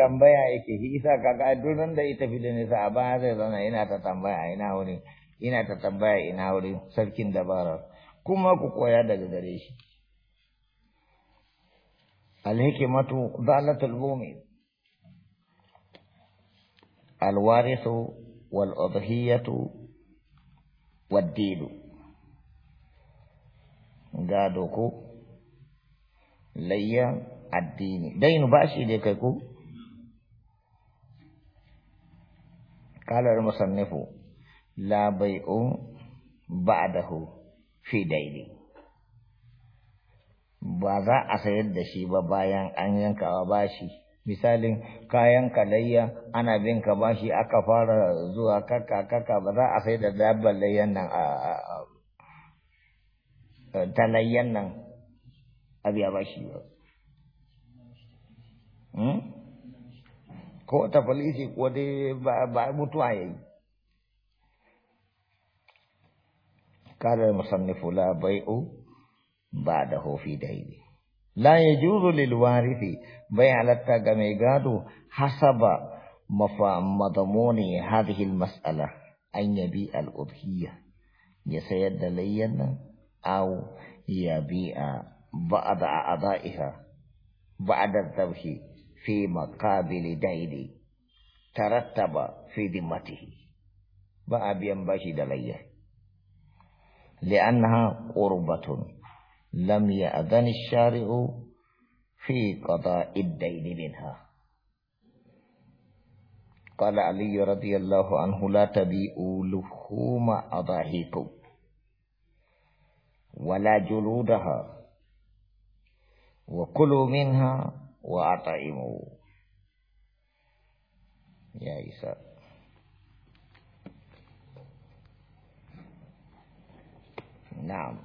tambaya yake shi isa kaga duk da ita fi da nisa a baya zai zauna ina ta tambaya ina wuri ina ta tambaya ina wuri sarkin dabara, kuma ku koya daga gare shi alhikimatu zalatul mu'min gado ko والدين addini ليا da ya kai ku? قال المصنف لا بيع بعده في دين ba za a sayar da shi ba bayan an yankawa bashi misalin kayan kalayya ana bin ka bashi aka fara zuwa kaka kaka ba za a sayar da dabbar layyan nan a talayyan nan a biya bashi ba ko ta falisi ko dai ba mutuwa ya yi kada musannifu la bai'u ba da hofi daidai la yajuzu lil warithi bai halatta ga mai gado hasaba mafa madamuni hadhihi al mas'ala an yabi al udhiyya ya sayar da layyan nan aw yabi'a ba'da a'da'iha ba'da dhabhi في مقابل ديني ترتب في ذمته بأب ينبشد دليه لأنها قربة لم يأذن الشارع في قضاء الدين منها قال علي رضي الله عنه لا تبيئوا لحوم أضاهيكم ولا جلودها وكلوا منها wa ataimu ya isa na'am